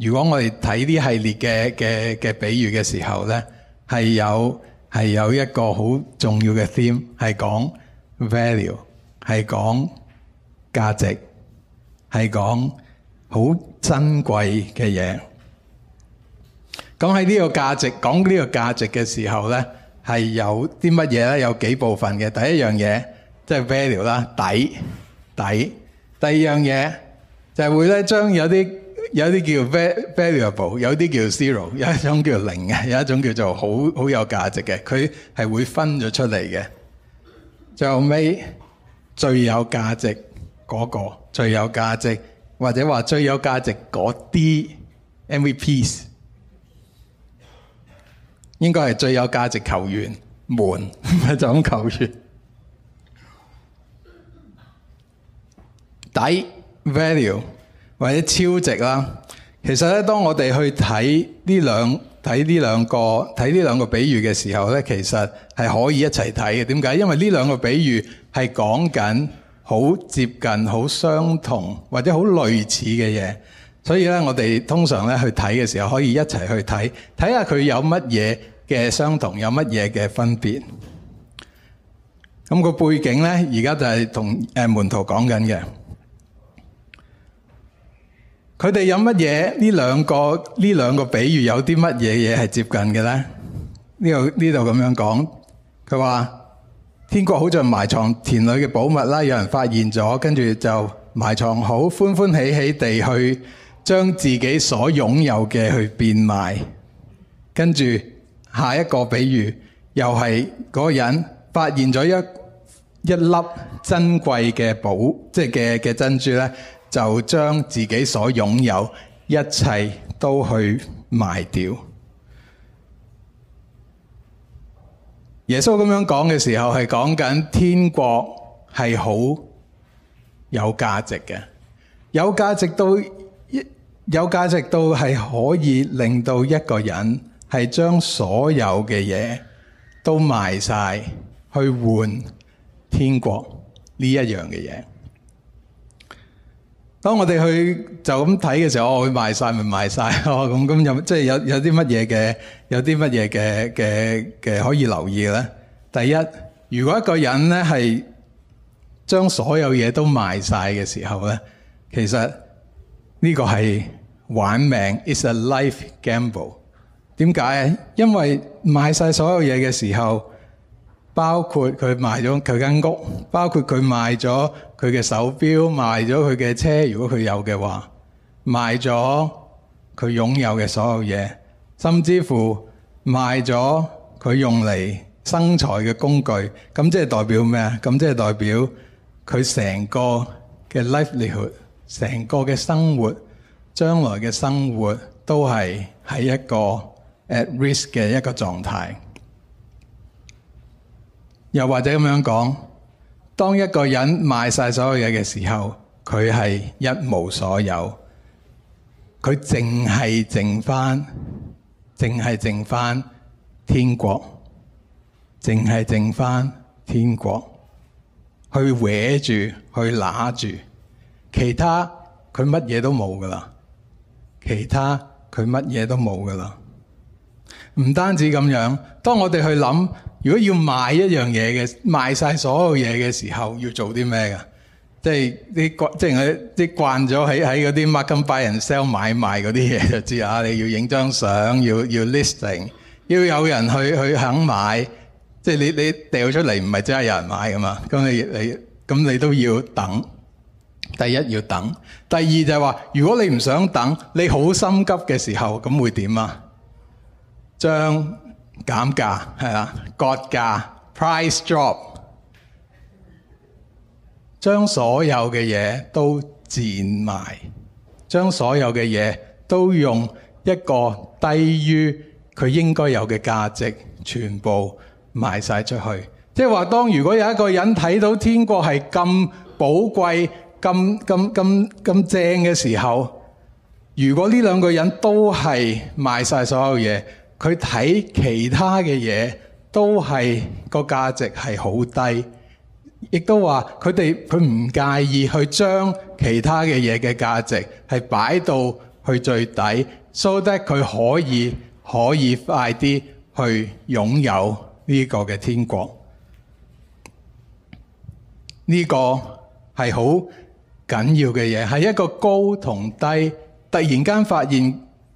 如果我哋睇呢系列嘅嘅嘅比喻嘅時候咧，係有係有一個好重要嘅 theme，係講 value，係講價值，係講好珍貴嘅嘢。咁喺呢個價值講呢個價值嘅時候咧，係有啲乜嘢咧？有幾部分嘅。第一樣嘢即係 value 啦，抵抵。第二樣嘢就係會咧將有啲。有啲叫 valuable，有啲叫 zero，有一種叫零嘅，有一種叫做好好有價值嘅，佢係會分咗出嚟嘅。最後尾最有價值嗰、那個，最有價值或者話最有價值嗰啲 MVPs，應該係最有價值球員們，門 就咁球員。 底 value。或者超值啦，其實咧，當我哋去睇呢兩睇呢兩個睇呢兩個比喻嘅時候咧，其實係可以一齊睇嘅。點解？因為呢兩個比喻係講緊好接近、好相同或者好類似嘅嘢，所以咧，我哋通常咧去睇嘅時候可以一齊去睇，睇下佢有乜嘢嘅相同，有乜嘢嘅分別。咁個背景咧，而家就係同誒門徒講緊嘅。佢哋有乜嘢？呢兩個呢兩個比喻有啲乜嘢嘢係接近嘅咧？呢度呢度咁樣講，佢話天國好像埋藏田裏嘅寶物啦，有人發現咗，跟住就埋藏好，歡歡喜喜地去將自己所擁有嘅去變賣。跟住下一個比喻，又係嗰個人發現咗一一粒珍貴嘅寶，即係嘅嘅珍珠咧。就將自己所擁有一切都去賣掉。耶穌咁樣講嘅時候，係講緊天國係好有價值嘅，有價值到一有價值到係可以令到一個人係將所有嘅嘢都賣晒去換天國呢一樣嘅嘢。當我哋去就咁睇嘅時候，我會賣曬咪賣曬咯。咁咁有即係有有啲乜嘢嘅有啲乜嘢嘅嘅嘅可以留意咧。第一，如果一個人咧係將所有嘢都賣曬嘅時候咧，其實呢個係玩命，It's a life gamble。點解？因為賣曬所有嘢嘅時候。包括佢賣咗佢間屋，包括佢賣咗佢嘅手錶，賣咗佢嘅車，如果佢有嘅話，賣咗佢擁有嘅所有嘢，甚至乎賣咗佢用嚟生財嘅工具。咁即係代表咩啊？咁即係代表佢成個嘅 life livelihood，成個嘅生活，將來嘅生活都係喺一個 at risk 嘅一個狀態。又或者咁樣講，當一個人賣晒所有嘢嘅時候，佢係一無所有，佢淨係剩翻淨係剩翻天國，淨係剩翻天國，去搲住，去揦住，其他佢乜嘢都冇噶啦，其他佢乜嘢都冇噶啦唔單止咁樣，當我哋去諗。如果要賣一樣嘢嘅，賣晒所有嘢嘅時候，要做啲咩㗎？即係你，即係你慣咗喺喺嗰啲 marketing buy sell 買賣嗰啲嘢就知啊！你要影張相，要要 listing，要有人去去肯買，即係你你掉出嚟唔係真係有人買㗎嘛？咁你你咁你都要等。第一要等，第二就係話，如果你唔想等，你好心急嘅時候，咁會點啊？將減價係啦，割價，price drop，將所有嘅嘢都賤賣，將所有嘅嘢都用一個低於佢應該有嘅價值，全部賣晒出去。即係話，當如果有一個人睇到天國係咁寶貴、咁咁咁咁正嘅時候，如果呢兩個人都係賣晒所有嘢。佢睇其他嘅嘢都係個價值係好低，亦都話佢哋佢唔介意去將其他嘅嘢嘅價值係擺到去最底，so that 佢可以可以快啲去擁有呢個嘅天國。呢個係好緊要嘅嘢，係一個高同低突然間發現。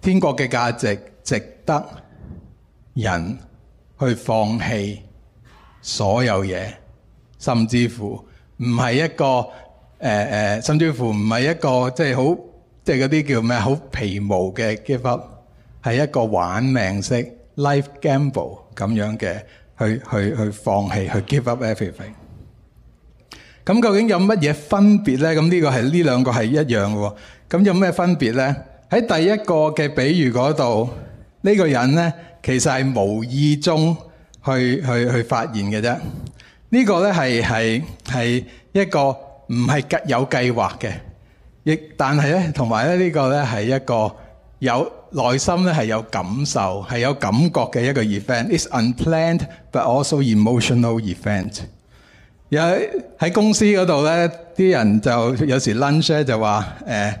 天國嘅價值值得人去放棄所有嘢，甚至乎唔係一個誒誒，甚至乎唔係一個即係好即係嗰啲叫咩好皮毛嘅 give up，係一個玩命式 life gamble 咁樣嘅去去去放棄去 give up everything。咁究竟有乜嘢分別咧？咁呢個係呢兩個係一樣嘅喎，咁有咩分別咧？喺第一個嘅比喻嗰度，呢、這個人咧其實係無意中去去去發現嘅啫。這個、呢個咧係係係一個唔係計有計劃嘅，亦但係咧同埋咧呢，呢、這個咧係一個有內心咧係有感受係有感覺嘅一個 event。It's unplanned but also emotional event。有喺公司嗰度咧，啲人就有時 lunch 咧就話誒。呃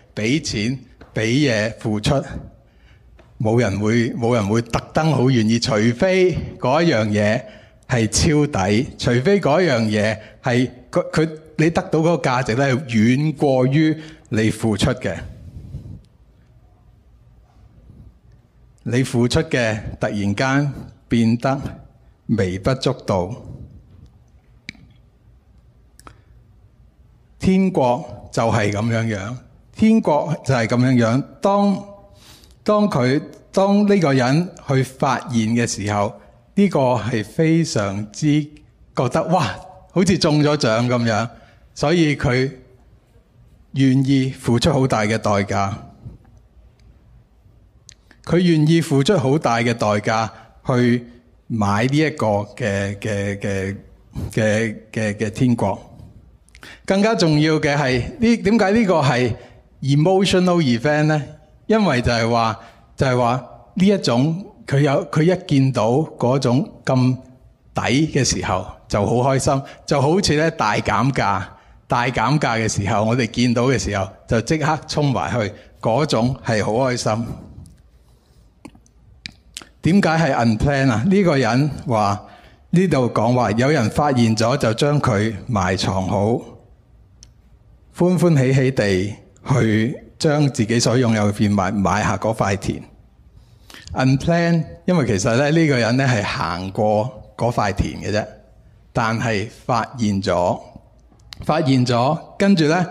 俾錢畀嘢付，付出，冇人會冇人會特登好願意，除非嗰一樣嘢係超抵，除非嗰一樣嘢係佢佢你得到嗰個價值咧，係遠過於你付出嘅。你付出嘅突然間變得微不足道，天國就係咁樣樣。天國就係咁樣樣。當當佢當呢個人去發現嘅時候，呢個係非常之覺得哇，好似中咗獎咁樣。所以佢願意付出好大嘅代價，佢願意付出好大嘅代價去買呢一個嘅嘅嘅嘅嘅嘅天國。更加重要嘅係呢？點解呢個係？emotional event 咧，因為就係話就係話呢一種佢有佢一見到嗰種咁抵嘅時候就好開心，就好似咧，大減價大減價嘅時候，我哋見到嘅時候就即刻衝埋去嗰種係好開心。點解係 unplan 啊？呢個人話，呢度講話有人發現咗就將佢埋藏好，歡歡喜喜地。去將自己所擁有嘅變賣，買下嗰塊田。Unplanned，因為其實咧呢、呢個人咧係行過嗰塊田嘅啫，但係發現咗，發現咗，跟住咧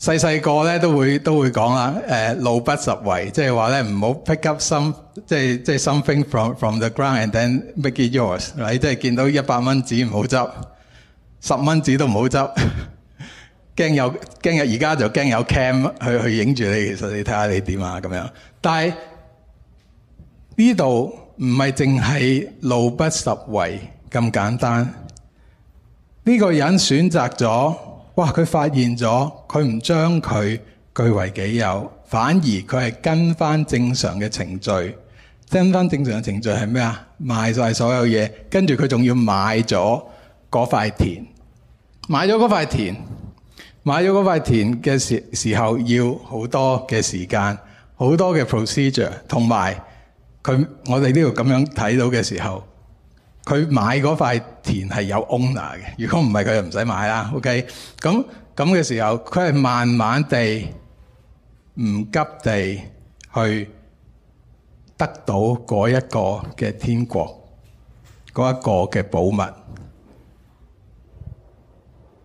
細細個咧都會都會講啦，誒、啊、路不拾遺、就是，即係話咧唔好 pick up some，即係，即係 something from from the ground and then make it yours、right？你即係見到一百蚊紙唔好執，十蚊紙都唔好執。驚有驚有，而家就驚有 cam 去去影住你。其實你睇下你點啊咁樣。但係呢度唔係淨係路不拾遺咁簡單。呢個人選擇咗，哇！佢發現咗，佢唔將佢據為己有，反而佢係跟翻正常嘅程序。跟翻正常嘅程序係咩啊？賣晒所有嘢，跟住佢仲要買咗嗰塊田，買咗嗰塊田。買咗嗰塊田嘅時時候，要好多嘅時間，好多嘅 procedure，同埋佢我哋呢度咁樣睇到嘅時候，佢買嗰塊田係有 owner 嘅。如果唔係，佢就唔使買啦。OK，咁咁嘅時候，佢係慢慢地、唔急地去得到嗰一個嘅天國，嗰一個嘅寶物。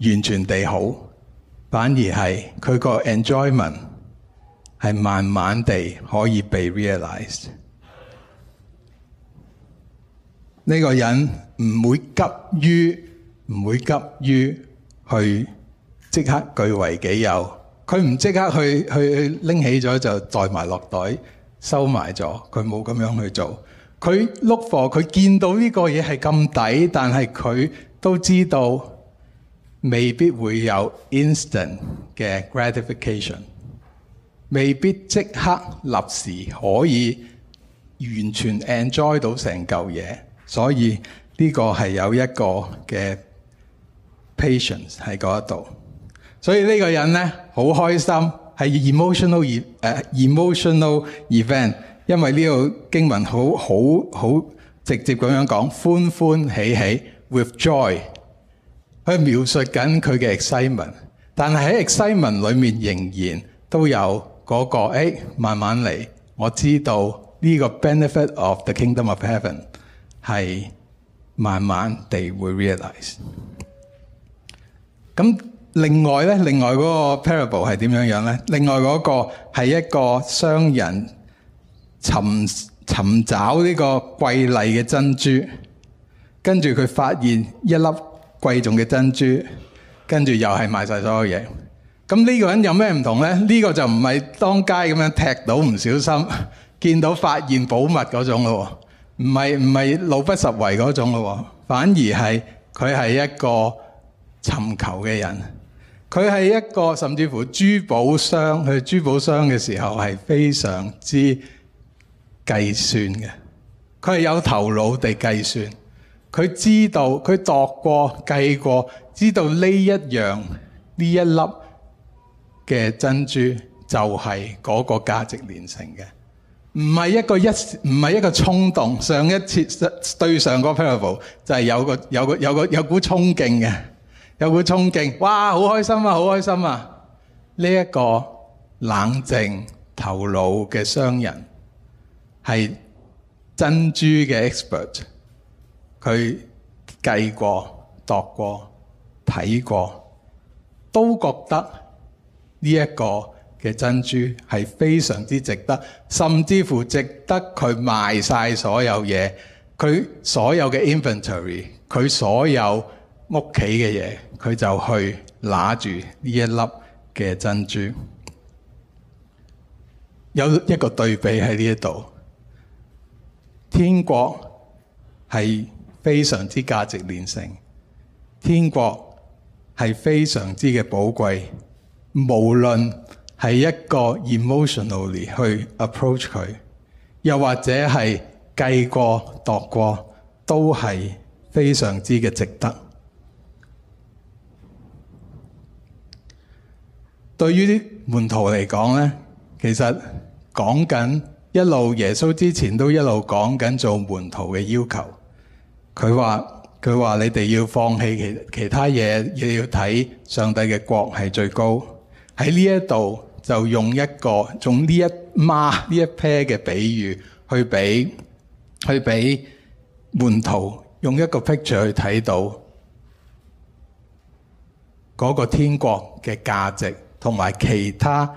完全地好，反而係佢個 enjoyment 係慢慢地可以被 realize，這、呢個人唔會急於唔會急於去即刻據為己有，佢唔即刻去去去拎起咗就袋埋落袋收埋咗，佢冇咁樣去做。佢 look for，佢見到呢個嘢係咁抵，但係佢都知道。未必會有 instant 嘅 gratification，未必即刻立時可以完全 enjoy 到成嚿嘢，所以呢個係有一個嘅 patience 喺嗰度。所以呢個人咧，好開心，係 emotional、uh, emotional event，因為呢個經文好好好直接咁樣講，歡歡喜喜 with joy。佢描述緊佢嘅 excitement，但係喺 excitement 裏面仍然都有嗰個、那個、哎，慢慢嚟，我知道呢個 benefit of the kingdom of heaven 係慢慢地會 realize。咁另外呢，另外嗰個 parable 係點樣樣呢？另外嗰個係一個商人尋尋找呢個貴麗嘅珍珠，跟住佢發現一粒。貴重嘅珍珠，跟住又係賣晒所有嘢。咁呢個人有咩唔同呢？呢個就唔係當街咁樣踢到唔小心，見到發現寶物嗰種咯，唔係唔係路不拾遺嗰種咯，反而係佢係一個尋求嘅人。佢係一個甚至乎珠寶商，佢珠寶商嘅時候係非常之計算嘅。佢係有頭腦地計算。佢知道，佢度過計過，知道呢一樣呢一粒嘅珍珠就係嗰個價值連城嘅，唔係一個一唔係一個衝動。上一次，上一次對上個 parable 就係、是、有個有個有個有股衝勁嘅，有股衝勁，哇！好開心啊，好開心啊！呢、這、一個冷靜頭腦嘅商人係珍珠嘅 expert。佢計過、度過、睇過，都覺得呢一個嘅珍珠係非常之值得，甚至乎值得佢賣晒所有嘢。佢所有嘅 inventory，佢所有屋企嘅嘢，佢就去拿住呢一粒嘅珍珠。有一個對比喺呢一度，天國係非常之價值連城，天國係非常之嘅寶貴，無論係一個 emotionally 去 approach 佢，又或者係計過度過，都係非常之嘅值得。對於啲門徒嚟講咧，其實講緊一路耶穌之前都一路講緊做門徒嘅要求。佢話佢話，你哋要放棄其其他嘢，要睇上帝嘅國係最高。喺呢一度就用一個用呢一孖呢一 pair 嘅比喻，去俾去俾門徒用一個 picture 去睇到嗰個天國嘅價值，同埋其他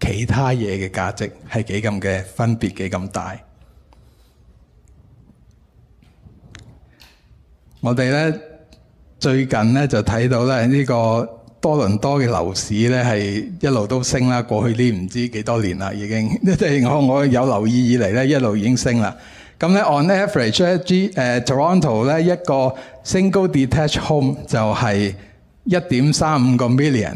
其他嘢嘅價值係幾咁嘅分別，幾咁大。我哋咧最近咧就睇到咧呢，呢個多倫多嘅樓市咧係一路都升啦，過去呢唔知幾多年啦已經，即 係我我有留意以嚟咧一路已經升啦。咁咧 on average 咧，誒 Toronto 咧一個 single detached home 就係一點三五個 million。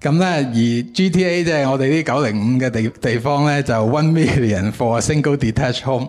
咁咧而 GTA 即係我哋呢九零五嘅地地方咧就 one million for a single detached home。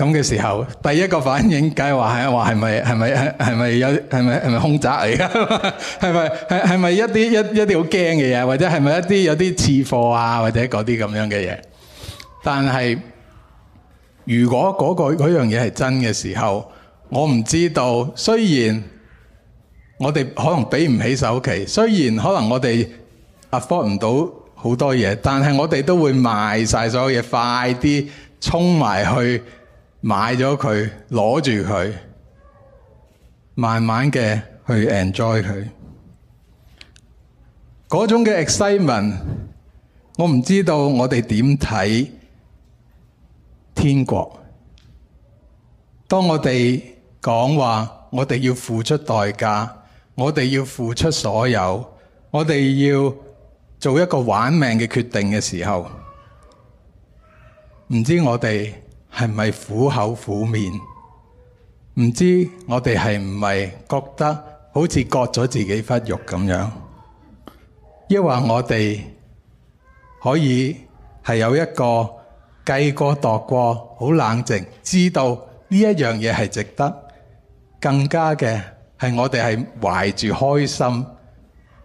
咁嘅時候，第一個反應梗係話係話係咪係咪係係咪有係咪係咪凶宅嚟㗎？係咪係係咪一啲一一啲好驚嘅嘢，或者係咪一啲有啲次貨啊，或者嗰啲咁樣嘅嘢？但係如果嗰個嗰樣嘢係真嘅時候，我唔知道。雖然我哋可能俾唔起首期，雖然可能我哋 afford 唔到好多嘢，但係我哋都會賣晒所有嘢，快啲衝埋去。買咗佢，攞住佢，慢慢嘅去 enjoy 佢，嗰種嘅 excitement，我唔知道我哋點睇天國。當我哋講話，我哋要付出代價，我哋要付出所有，我哋要做一個玩命嘅決定嘅時候，唔知我哋。係咪苦口苦面？唔知我哋係唔係覺得好似割咗自己忽肉咁樣？抑或我哋可以係有一個計過度過，好冷靜，知道呢一樣嘢係值得。更加嘅係我哋係懷住開心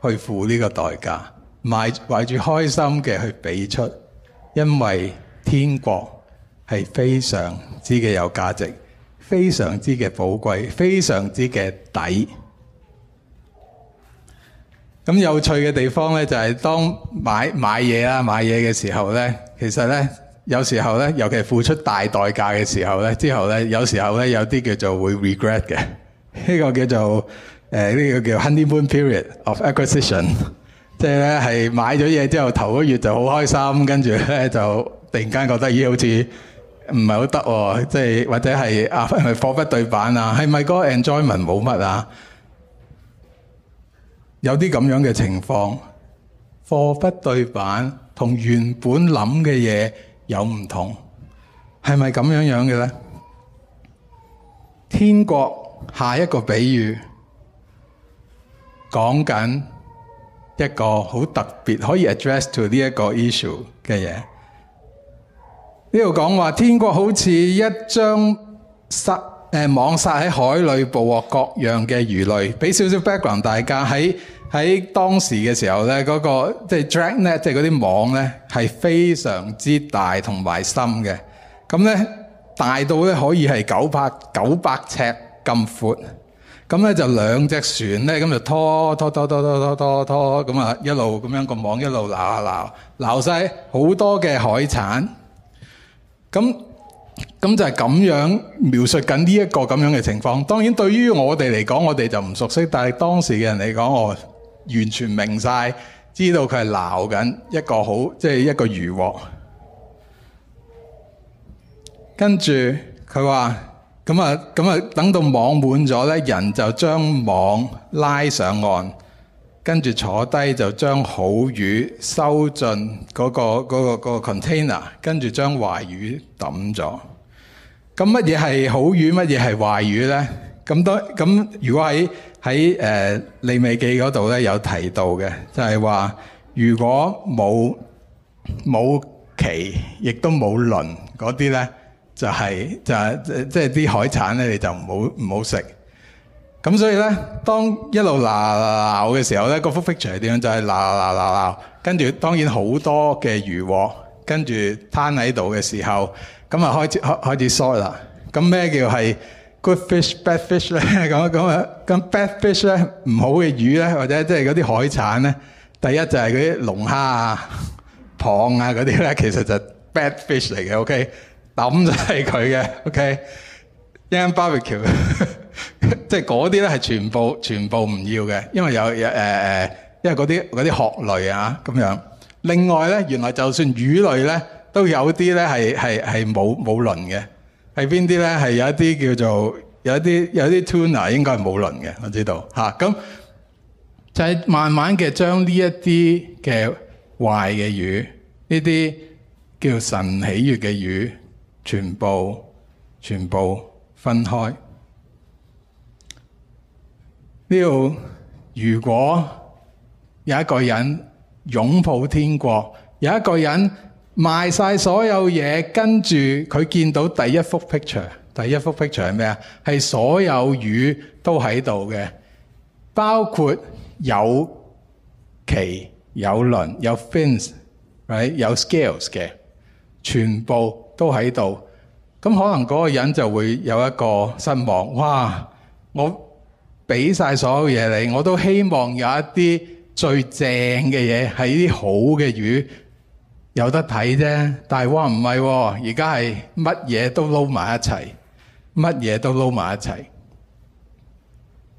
去付呢個代價，埋懷住開心嘅去俾出，因為天國。係非常之嘅有價值，非常之嘅寶貴，非常之嘅抵。咁有趣嘅地方咧，就係、是、當買買嘢啦、買嘢嘅時候咧，其實咧有時候咧，尤其係付出大代價嘅時候咧，之後咧有時候咧有啲叫做會 regret 嘅。呢、這個叫做誒呢、呃這個叫 honeymoon period of acquisition，即係咧係買咗嘢之後頭個月就好開心，跟住咧就突然間覺得咦好似～唔係好得喎，即係或者係啊，是不是貨不對版啊，係咪嗰個 enjoyment 冇乜啊？有啲咁樣嘅情況，貨不對版同原本諗嘅嘢有唔同，係咪咁樣樣嘅咧？天國下一個比喻講緊一個好特別，可以 address to 呢一個 issue 嘅嘢。呢度講話天國好似一張撒誒網撒喺海裡捕獲各樣嘅魚類，俾少少 background 大家喺喺當時嘅時候咧，嗰個即係 dragnet，即係嗰啲網咧係非常之大同埋深嘅。咁咧大到咧可以係九百九百尺咁闊，咁咧就兩隻船咧咁就拖拖拖拖拖拖拖拖咁啊一路咁樣個網一路撈啊撈撈晒好多嘅海產。咁咁就係咁樣描述緊呢一個咁樣嘅情況。當然對於我哋嚟講，我哋就唔熟悉，但係當時嘅人嚟講，我完全明晒，知道佢係撈緊一個好，即係一個漁獲。跟住佢話：咁啊咁啊，等到網滿咗咧，人就將網拉上岸。跟住坐低，就將好魚收進嗰個嗰個嗰個 container，跟住將壞魚抌咗。咁乜嘢係好魚，乜嘢係壞魚咧？咁都咁如果喺喺誒利美記嗰度咧有提到嘅，就係話如果冇冇鰭，亦都冇鱗嗰啲咧，就係就係即係啲海產咧，你就唔好唔好食。咁所以咧，當一路鬧鬧鬧嘅時候咧，個幅 picture 係點樣？就係鬧鬧鬧鬧鬧，跟住當然好多嘅漁獲，跟住攤喺度嘅時候，咁啊開始開開始衰啦。咁咩叫係 good fish bad fish 咧？咁咁啊，咁 bad fish 咧，唔好嘅魚咧，或者即係嗰啲海產咧，第一就係嗰啲龍蝦啊、蚌啊嗰啲咧，其實就 bad fish 嚟嘅。OK，揼就係佢嘅。OK，啱 barbecue。即係嗰啲咧，係全部全部唔要嘅，因為有有誒誒、呃，因為啲嗰啲殼類啊咁樣。另外咧，原來就算魚類咧，都有啲咧係係係冇冇鱗嘅。係邊啲咧係有一啲叫做有一啲有啲 tuna、er、應該係冇鱗嘅，我知道吓。咁、啊嗯、就係、是、慢慢嘅將呢一啲嘅壞嘅魚，呢啲叫神喜悅嘅魚，全部全部分開。如果有一個人擁抱天國，有一個人賣晒所有嘢，跟住佢見到第一幅 picture，第一幅 picture 係咩啊？係所有魚都喺度嘅，包括有鰭、有鱗、有 fins、有 scales 嘅，全部都喺度。咁可能嗰個人就會有一個失望。哇！我俾晒所有嘢你，我都希望有一啲最正嘅嘢，係啲好嘅魚有得睇啫。但係哇唔係，而家係乜嘢都撈埋一齊，乜嘢都撈埋一齊，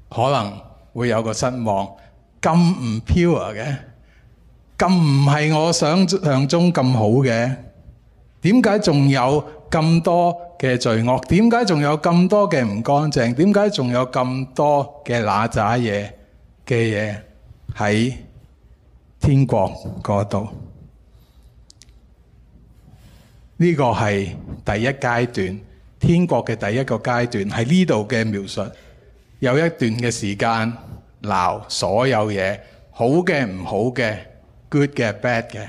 可能會有個失望。咁唔 pure 嘅，咁唔係我想象中咁好嘅，點解仲有咁多？嘅罪惡，點解仲有咁多嘅唔乾淨？點解仲有咁多嘅嗱喳嘢嘅嘢喺天國嗰度？呢個係第一階段，天國嘅第一個階段，喺呢度嘅描述有一段嘅時間撈所有嘢，好嘅唔好嘅，good 嘅 bad 嘅，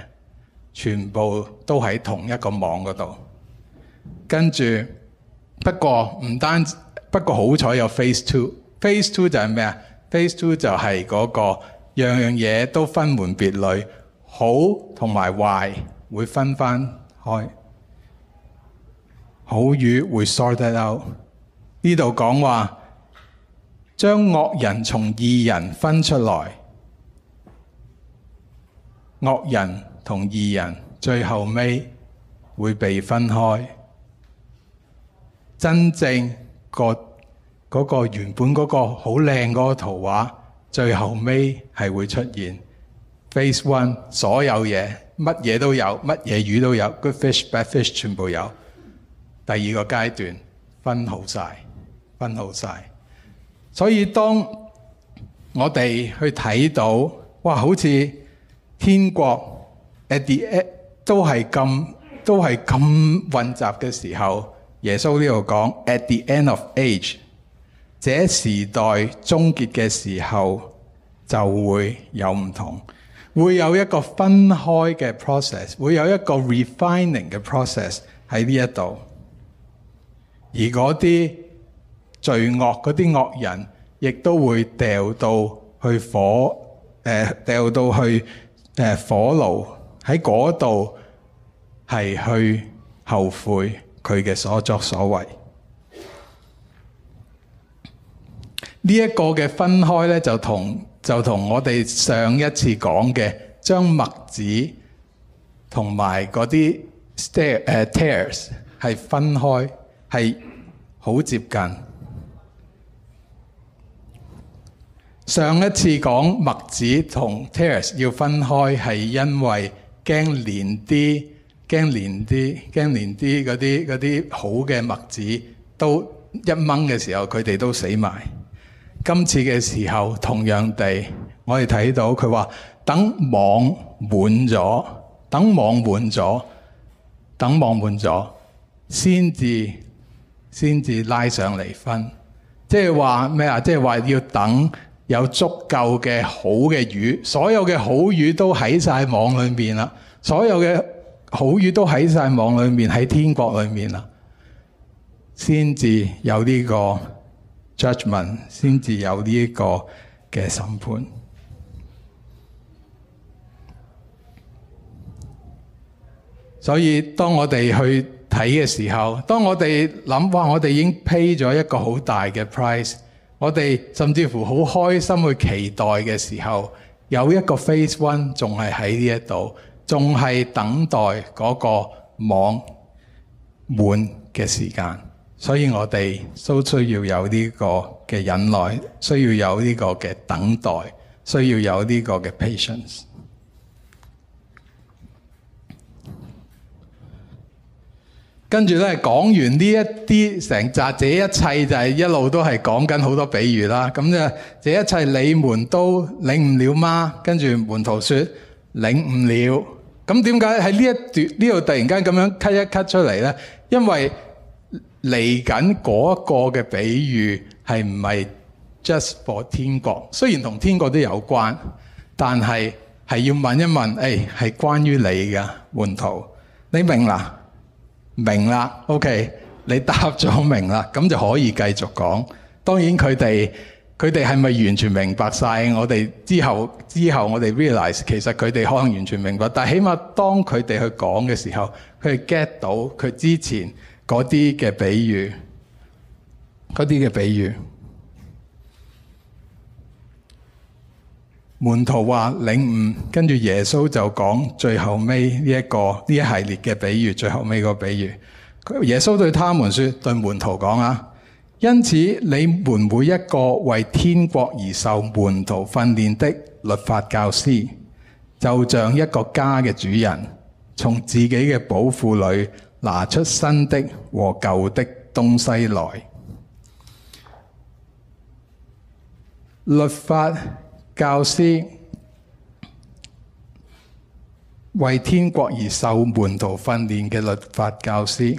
全部都喺同一個網嗰度。跟住，不過唔單不過好彩有 phase two。phase two 就係咩啊？phase two 就係嗰、那個各樣各樣嘢都分門別類，好同埋壞會分翻開，好與會 sorted out。呢度講話將惡人從異人分出來，惡人同異人最後尾會被分開。真正、嗰個、嗰個原本個好靚個圖畫最後尾係會出現 Phase one 所有嘢，乜嘢都有，乜嘢魚都有，good fish bad fish 全部有。第二個階段分好晒分好晒，所以當我哋去睇到，哇，好似天國，at the end 都係咁，都係咁混雜嘅時候。耶穌呢度講，At the end of age，這時代終結嘅時候就會有唔同，會有一個分開嘅 process，會有一個 refining 嘅 process 喺呢一度。而嗰啲罪惡，嗰啲惡人，亦都會掉到去火，誒、呃、掉到去誒、呃、火爐喺嗰度係去後悔。佢嘅所作所為，呢一個嘅分開呢，就同就同我哋上一次講嘅將墨子同埋嗰啲即係 stairs tears 係分開係好接近。上一次講墨子同 tears 要分開係因為驚黏啲。驚連啲驚連啲嗰啲嗰啲好嘅麥子都一掹嘅時候，佢哋都死埋。今次嘅時候同樣地，我哋睇到佢話：等網滿咗，等網滿咗，等網滿咗，先至先至拉上嚟分。即係話咩啊？即係話要等有足夠嘅好嘅魚，所有嘅好魚都喺晒網裏面啦，所有嘅。好嘢都喺晒網裏面，喺天國裏面啦，先至有呢個 judgment，先至有呢一個嘅審判。所以當我哋去睇嘅時候，當我哋諗返，我哋已經 pay 咗一個好大嘅 price，我哋甚至乎好開心去期待嘅時候，有一個 face one 仲係喺呢一度。仲係等待嗰個網滿嘅時間，所以我哋都需要有呢個嘅忍耐，需要有呢個嘅等待，需要有呢個嘅 patience。跟住咧講完呢一啲成集，這一切就係一路都係講緊好多比喻啦。咁就，這一切你們都領悟了嗎？跟住門徒說領悟了。咁點解喺呢一段呢度突然間咁樣 cut 一 cut 出嚟呢？因為嚟緊嗰個嘅比喻係唔係 just for 天國？雖然同天國都有關，但係係要問一問，誒，係關於你嘅門徒，你明啦？明啦？OK，你答咗明啦，咁就可以繼續講。當然佢哋。佢哋係咪完全明白晒？我哋之後之後，之後我哋 realize 其實佢哋可能完全明白，但起碼當佢哋去講嘅時候，佢哋 get 到佢之前嗰啲嘅比喻，嗰啲嘅比喻。門徒話領悟，跟住耶穌就講最後尾呢一個呢一系列嘅比喻，最後尾個比喻。耶穌對他們說，對門徒講啊。因此，你們每一個為天國而受門徒訓練的律法教師，就像一個家嘅主人，從自己嘅寶庫裏拿出新的和舊的東西來。律法教師，為天國而受門徒訓練嘅律法教師。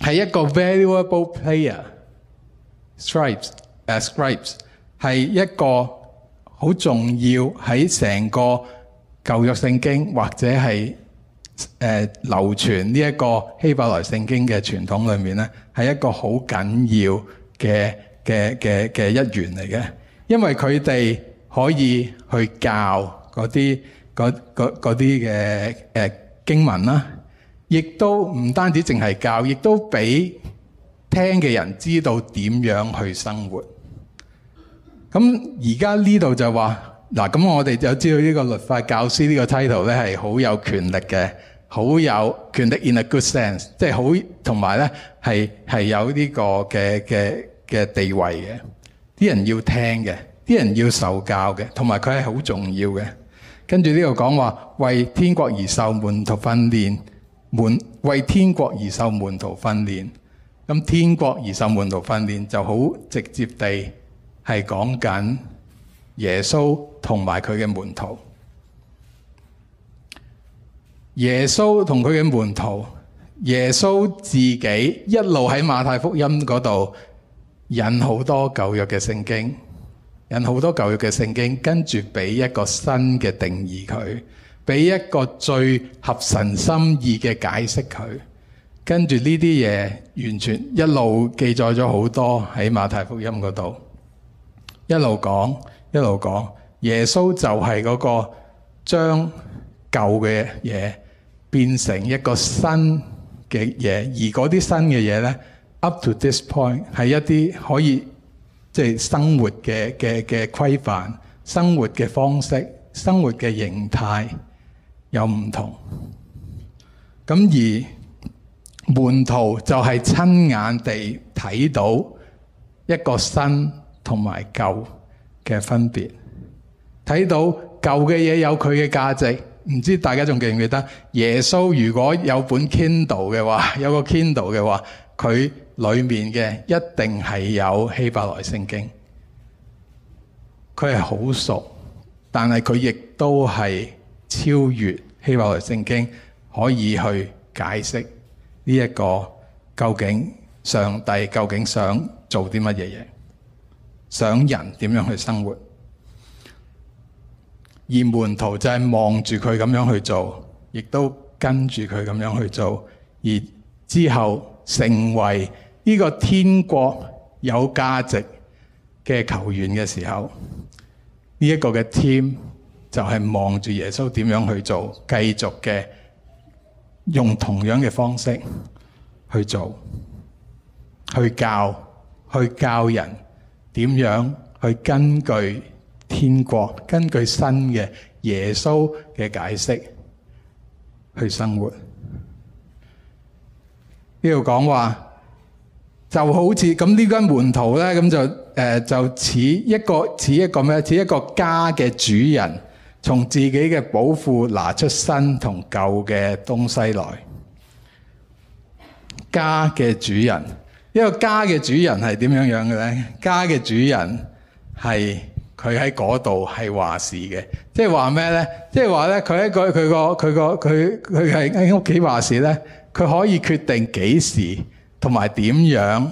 係一個 valuable player, stripes 誒、uh, scribes 係一個好重要喺成個舊約聖經或者係誒、呃、流傳呢一個希伯來聖經嘅傳統裏面咧，係一個好緊要嘅嘅嘅嘅一員嚟嘅，因為佢哋可以去教嗰啲啲嘅誒經文啦。亦都唔單止淨係教，亦都俾聽嘅人知道點樣去生活。咁而家呢度就話嗱，咁我哋就知道呢個律法教師呢個 title 咧係好有權力嘅，好有權力 in a good sense，即係好同埋咧係係有呢個嘅嘅嘅地位嘅。啲人要聽嘅，啲人要受教嘅，同埋佢係好重要嘅。跟住呢度講話為天國而受門徒訓練。門為天國而受門徒訓練，咁天國而受門徒訓練就好直接地係講緊耶穌同埋佢嘅門徒。耶穌同佢嘅門徒，耶穌自己一路喺馬太福音嗰度引好多舊約嘅聖經，引好多舊約嘅聖經，跟住俾一個新嘅定義佢。俾一個最合神心意嘅解釋佢，跟住呢啲嘢完全一路記載咗好多喺馬太福音嗰度，一路講一路講，耶穌就係嗰個將舊嘅嘢變成一個新嘅嘢，而嗰啲新嘅嘢呢 up to this point 係一啲可以即係、就是、生活嘅嘅嘅規範、生活嘅方式、生活嘅形態。有唔同，咁而門徒就係親眼地睇到一個新同埋舊嘅分別，睇到舊嘅嘢有佢嘅價值。唔知大家仲記唔記得，耶穌如果有本 Kindle 嘅話，有個 Kindle 嘅話，佢裡面嘅一定係有希伯來聖經。佢係好熟，但係佢亦都係，超越希伯來聖經，可以去解釋呢一個究竟上帝究竟想做啲乜嘢嘢，想人點樣去生活，而門徒就係望住佢咁樣去做，亦都跟住佢咁樣去做，而之後成為呢個天國有價值嘅球員嘅時候，呢一個嘅 team。就係望住耶穌點樣去做，繼續嘅用同樣嘅方式去做，去教去教人點樣去根據天國、根據新嘅耶穌嘅解釋去生活。呢度講話就好似咁呢班門徒咧，咁就誒就似一個似一個咩？似一個家嘅主人。從自己嘅寶庫拿出新同舊嘅東西來。家嘅主人，一個家嘅主人係點樣樣嘅咧？家嘅主人係佢喺嗰度係話事嘅，即係話咩咧？即係話咧，佢喺佢佢個佢個佢佢係喺屋企話事咧，佢可以決定幾時同埋點樣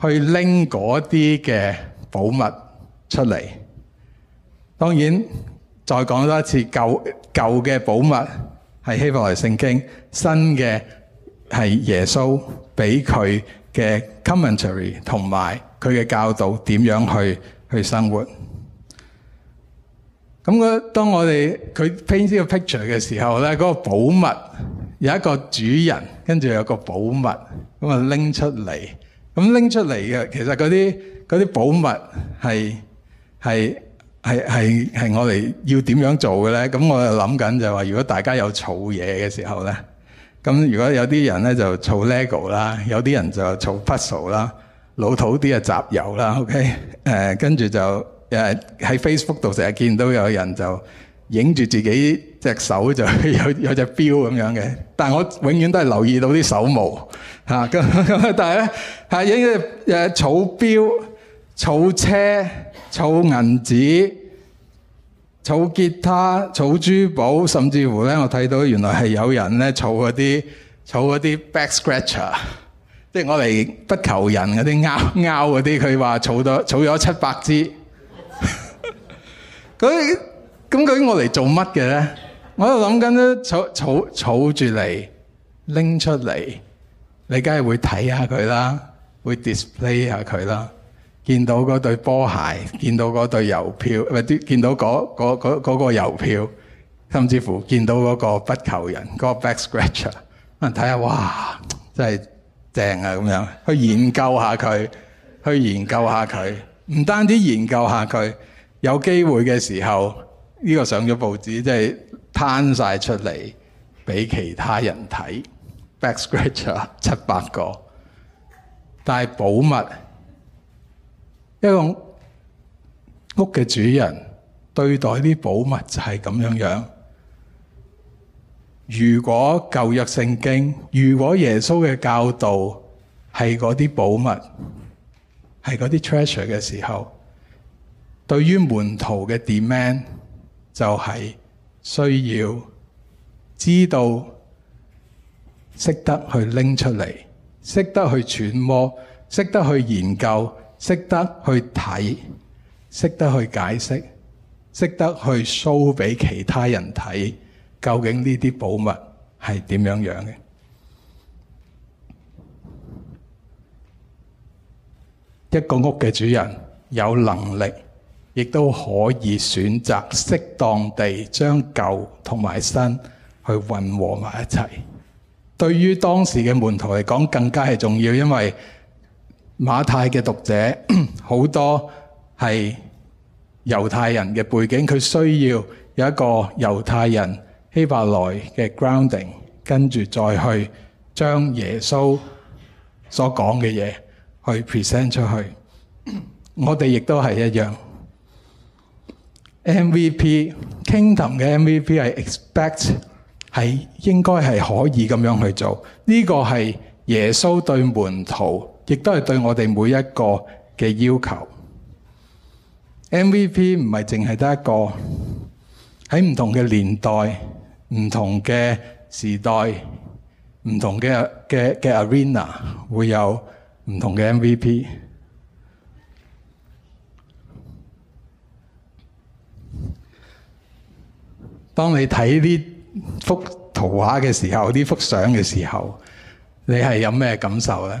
去拎嗰啲嘅寶物出嚟。當然。再講多一次，舊舊嘅寶物係希伯來聖經，新嘅係耶穌俾佢嘅 commentary 同埋佢嘅教導，點樣去去生活？咁我當我哋佢 paint 呢個 picture 嘅時候咧，嗰個寶物有一個主人，跟住有個寶物咁啊拎出嚟。咁拎出嚟嘅其實嗰啲啲寶物係係。係係係我哋要點樣做嘅咧？咁我又諗緊就話，如果大家有儲嘢嘅時候咧，咁如果有啲人咧就儲 Lego 啦，有啲人就儲 puzzle 啦，老土啲啊集郵啦，OK？誒、呃，跟住就誒喺、呃、Facebook 度成日見到有人就影住自己隻手就有有，有隻錶咁樣嘅，但係我永遠都係留意到啲手毛嚇，咁、啊嗯嗯、但係咧係影誒儲錶、儲車。儲銀紙，儲結他，儲珠寶，甚至乎呢，我睇到原來係有人呢，儲嗰啲，儲嗰啲 back scratcher，即係我嚟不求人嗰啲，拗拗嗰啲，佢話，見到嗰對波鞋，見到嗰對郵票，唔係啲見到嗰嗰、嗰個郵票，甚至乎見到嗰個不求人嗰、嗰個 back scratcher，啊睇下哇，真係正啊咁樣，去研究下佢，去研究下佢，唔單止研究下佢，有機會嘅時候呢個上咗報紙，即係攤晒出嚟俾其他人睇 back scratcher，七八個，但係保密。一個屋嘅主人對待啲寶物就係咁樣樣。如果舊約聖經、如果耶穌嘅教導係嗰啲寶物，係嗰啲 treasure 嘅時候，對於門徒嘅 demand 就係需要知道、識得去拎出嚟、識得去揣摩、識得去研究。識得去睇，識得去解釋，識得去 show 俾其他人睇，究竟呢啲寶物係點樣樣嘅？一個屋嘅主人有能力，亦都可以選擇適當地將舊同埋新去混和埋一齊。對於當時嘅門徒嚟講，更加係重要，因為。馬太嘅讀者好多係猶太人嘅背景，佢需要有一個猶太人希伯來嘅 grounding，跟住再去將耶穌所講嘅嘢去 present 出去。我哋亦都係一樣。MVP Kingdom 嘅 MVP I expect 係應該係可以咁樣去做，呢個係耶穌對門徒，亦都係對我哋每一個嘅要求。MVP 唔係淨係得一個，喺唔同嘅年代、唔同嘅時代、唔同嘅嘅嘅 Arena 會有唔同嘅 MVP。當你睇呢幅圖畫嘅時候，呢幅相嘅時候，你係有咩感受咧？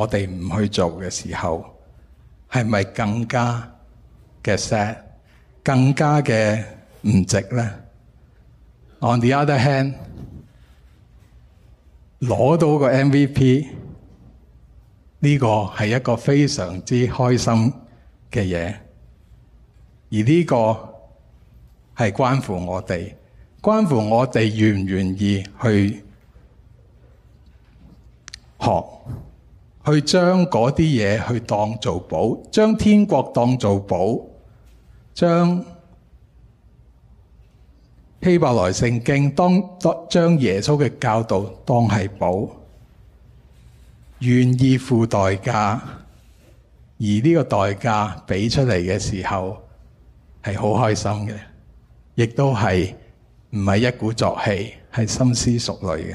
我哋唔去做嘅時候，係咪更加嘅 sad，更加嘅唔值咧？On the other hand，攞到個 MVP 呢個係一個非常之開心嘅嘢，而呢個係關乎我哋，關乎我哋願唔願意去學。去將嗰啲嘢去當做寶，將天國當做寶，將希伯來聖經當將耶穌嘅教導當係寶，願意付代價，而呢個代價俾出嚟嘅時候係好開心嘅，亦都係唔係一鼓作氣，係深思熟慮嘅。